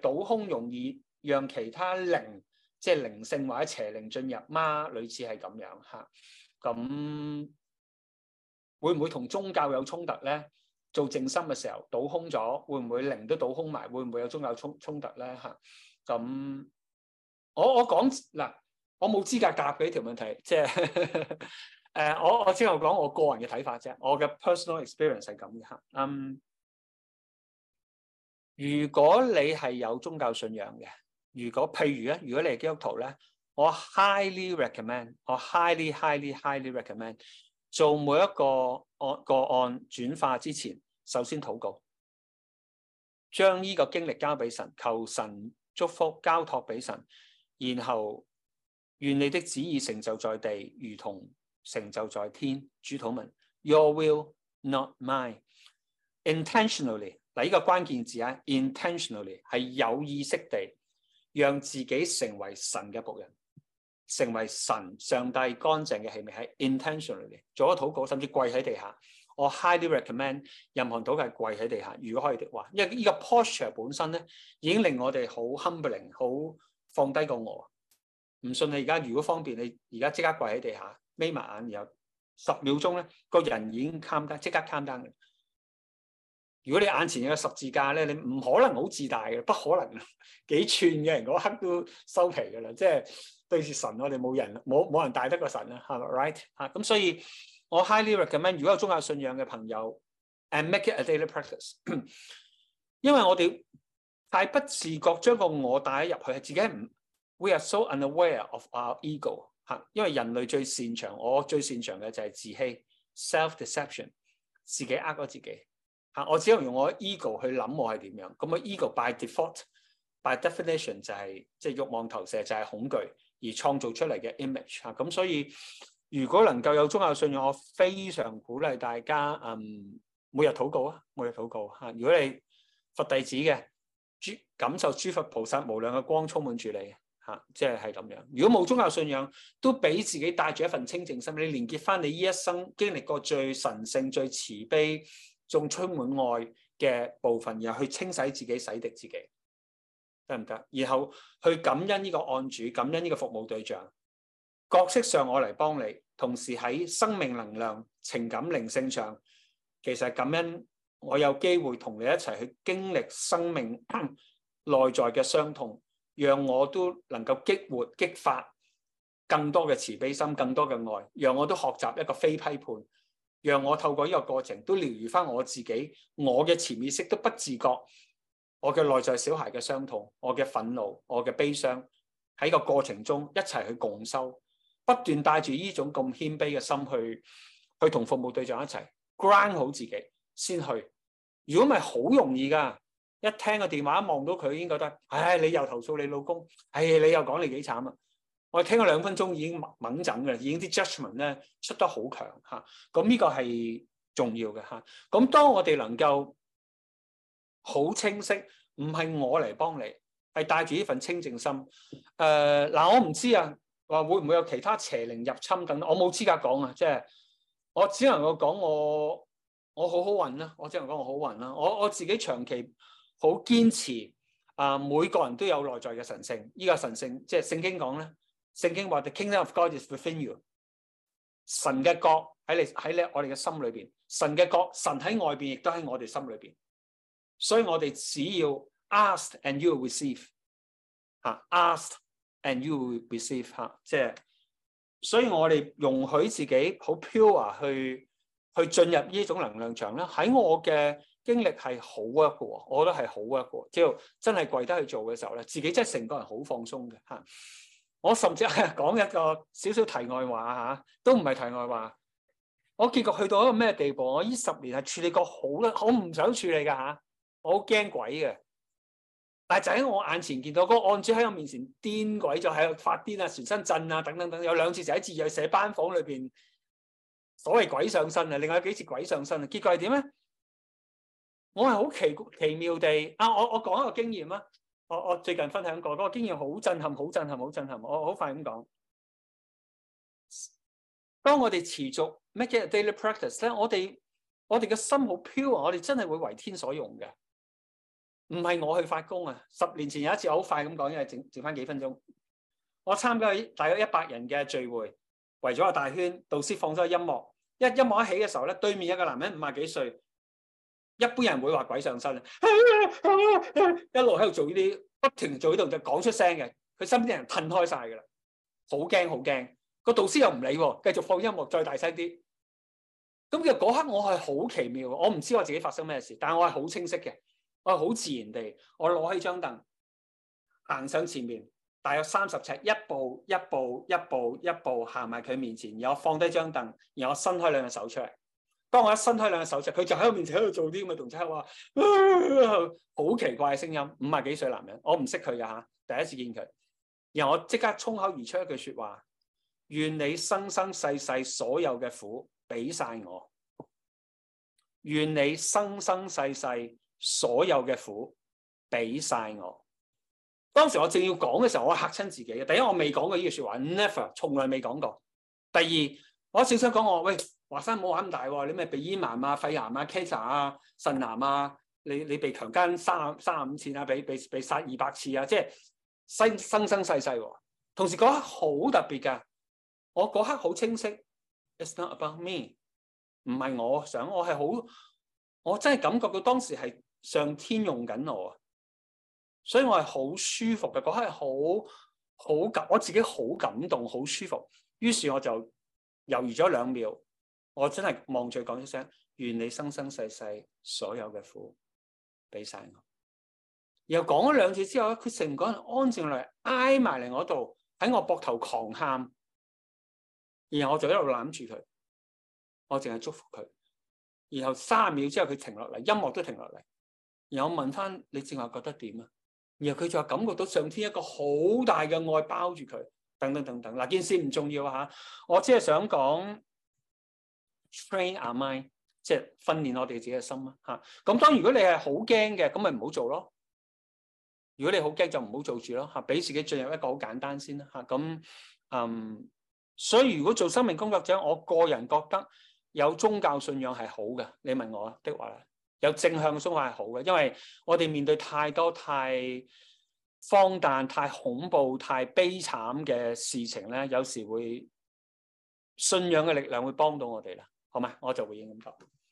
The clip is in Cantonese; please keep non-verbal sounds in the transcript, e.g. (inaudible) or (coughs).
倒空容易讓其他靈，即係靈性或者邪靈進入嗎？類似係咁樣嚇，咁會唔會同宗教有衝突咧？做靜心嘅時候倒空咗，會唔會靈都倒空埋？會唔會有宗教衝衝突咧？嚇，咁我我講嗱，我冇資格答呢條問題，即係誒，我我之後講我個人嘅睇法啫，我嘅 personal experience 係咁嘅嚇，嗯。如果你係有宗教信仰嘅，如果譬如咧，如果你係基督徒咧，我 highly recommend，我 highly highly highly recommend 做每一個個案個案轉化之前，首先禱告，將呢個經歷交俾神，求神祝福，交託俾神，然後願你的旨意成就在地，如同成就在天。主禱文，Your will not mine intentionally。嗱，呢個關鍵字啊，intentionally 係有意識地讓自己成為神嘅僕人，成為神上帝乾淨嘅氣味。係 intentionally 做個禱告，甚至跪喺地下。我 highly recommend 任何禱告跪喺地下，如果可以的話，因為呢個 posture 本身咧已經令我哋好 humbling，好放低個我。唔信你而家，如果方便你而家即刻跪喺地下，眯埋眼，然後十秒鐘咧個人已經 calm down，即刻 calm down。.如果你眼前有十字架咧，你唔可能好自大嘅，不可能幾寸嘅人嗰刻都收皮噶啦，即係對住神，我哋冇人冇冇人大得過神啦，係咪，right？吓、啊、咁所以我 highly recommend 如果有宗教信仰嘅朋友，and make it a daily practice， (coughs) 因為我哋太不自覺將個我帶咗入去，係自己唔，we are so unaware of our ego 吓、啊，因為人類最擅長，我最擅長嘅就係自欺 self deception，自己呃咗自己。吓，我只能用我 ego 去諗我係點樣，咁啊 ego by default by definition 就係即係欲望投射就係恐懼而創造出嚟嘅 image 吓，咁所以如果能夠有宗教信仰，我非常鼓勵大家嗯每日禱告啊，每日禱告吓。如果你佛弟子嘅，諸，感受諸佛菩薩無量嘅光充滿住你吓，即係係咁樣。如果冇宗教信仰，都俾自己帶住一份清淨心，你連結翻你呢一生經歷過最神聖、最慈悲。仲充滿愛嘅部分，然後去清洗自己、洗滌自己，得唔得？然後去感恩呢個案主、感恩呢個服務對象。角色上我嚟幫你，同時喺生命能量、情感靈性上，其實感恩我有機會同你一齊去經歷生命內在嘅傷痛，讓我都能夠激活、激發更多嘅慈悲心、更多嘅愛，讓我都學習一個非批判。讓我透過呢個過程都療愈翻我自己，我嘅潛意識都不自覺，我嘅內在小孩嘅傷痛、我嘅憤怒、我嘅悲傷喺個過程中一齊去共修，不斷帶住呢種咁謙卑嘅心去去同服務對象一齊 ground 好自己先去。如果唔係好容易噶，一聽個電話，一望到佢已經覺得，唉，你又投訴你老公，唉，你又講你幾慘啊！我聽咗兩分鐘已經猛診嘅，已經啲 judgment 咧出得好強嚇。咁呢個係重要嘅嚇。咁當我哋能夠好清晰，唔係我嚟幫你，係帶住呢份清淨心。誒嗱，我唔知啊，話會唔會有其他邪靈入侵咁？我冇資格講啊，即係我只能夠講我我好好運啦。我只能夠我，我好運啦。我我，好好我，我自己長期好堅持啊，每個人都有內在嘅神性。依個神性即係聖經講咧。聖經話：The kingdom of God is within you。神嘅國喺你喺咧，我哋嘅心裏邊。神嘅國，神喺外邊，亦都喺我哋心裏邊。所以我哋只要 ask and you will receive，吓、啊、，ask and you will receive 吓、啊，即係。所以我哋容許自己好 pure 去去進入呢一種能量場啦。喺我嘅經歷係好 work 㗎，我覺得係好 work 㗎。只要真係跪低去做嘅時候咧，自己真係成個人好放鬆嘅吓。啊我甚至係講一個少少題外話吓、啊，都唔係題外話。我結果去到一個咩地步？我呢十年係處理過好啦，我唔想處理噶吓、啊，我好驚鬼嘅。但係就喺我眼前見到，那個案主喺我面前癲鬼，咗，喺度發癲啊，全身震啊，等等、等等。有兩次就日喺自己寫班房裏邊，所謂鬼上身啊！另外有幾次鬼上身啊？結果係點咧？我係好奇奇妙地啊！我我講一個經驗啦。我我最近分享過嗰個經驗好震撼，好震撼，好震撼！我好快咁講，當我哋持續 make it a daily practice 咧，我哋我哋嘅心好 pure，我哋真係會為天所用嘅，唔係我去發功啊！十年前有一次，我好快咁講，因為剩剩翻幾分鐘，我參加咗大概一百人嘅聚會，圍咗個大圈，導師放咗個音樂，一音樂一起嘅時候咧，對面一個男人五十幾歲。一般人會話鬼上身啦、啊啊啊，一路喺度做呢啲，不停做呢度就講出聲嘅，佢身邊啲人褪開晒噶啦，好驚好驚。個導師又唔理，繼續放音樂再大聲啲。咁其實嗰刻我係好奇妙，我唔知我自己發生咩事，但係我係好清晰嘅，我係好自然地，我攞起張凳行上前面，大約三十尺，一步一步一步一步行埋佢面前，然後放低張凳，然後伸開兩隻手出嚟。當我一伸開兩隻手出，佢就喺我面前喺度做啲咁嘅動作，話，啊啊，好奇怪嘅聲音，五十幾歲男人，我唔識佢嘅吓，第一次見佢，然後我即刻衝口而出一句說話：願你生生世世，世所有嘅苦俾晒我，願你生生世世所有嘅苦俾晒我。當時我正要講嘅時候，我吓親自己嘅，第一我未講過呢句說話，never，從來未講過；第二我正想講我喂。華山冇玩咁大喎，你咩鼻咽癌啊、肺癌啊、cancer 啊、腎癌啊，你你被強奸三三五次啊，被被被殺二百次啊，即係生生生世世啊。同時嗰刻好特別噶，我嗰刻好清晰，it's not about me，唔係我想，我係好，我真係感覺到當時係上天用緊我，所以我係好舒服嘅，嗰刻係好好感，我自己好感動，好舒服。於是我就猶豫咗兩秒。我真係望住佢講出聲，願你生生世世所有嘅苦俾晒我。然後講咗兩次之後咧，佢成個人安靜落嚟，挨埋嚟我度，喺我膊頭狂喊。然後我就一路攬住佢，我淨係祝福佢。然後三十秒之後佢停落嚟，音樂都停落嚟。然後我問翻你正話覺得點啊？然後佢就話感覺到上天一個好大嘅愛包住佢。等等等等，嗱件事唔重要吓，我只係想講。Train our mind, 即係訓練我哋自己嘅心啊吓，咁當如果你係好驚嘅，咁咪唔好做咯。如果你好驚，就唔好做住咯吓，俾、啊、自己進入一個好簡單先啦吓。咁、啊、嗯、啊，所以如果做生命工作者，我個人覺得有宗教信仰係好嘅。你問我的話咧，有正向嘅信仰係好嘅，因為我哋面對太多太荒誕、太恐怖、太悲慘嘅事情咧，有時會信仰嘅力量會幫到我哋啦。好嘛，我就回應咁多。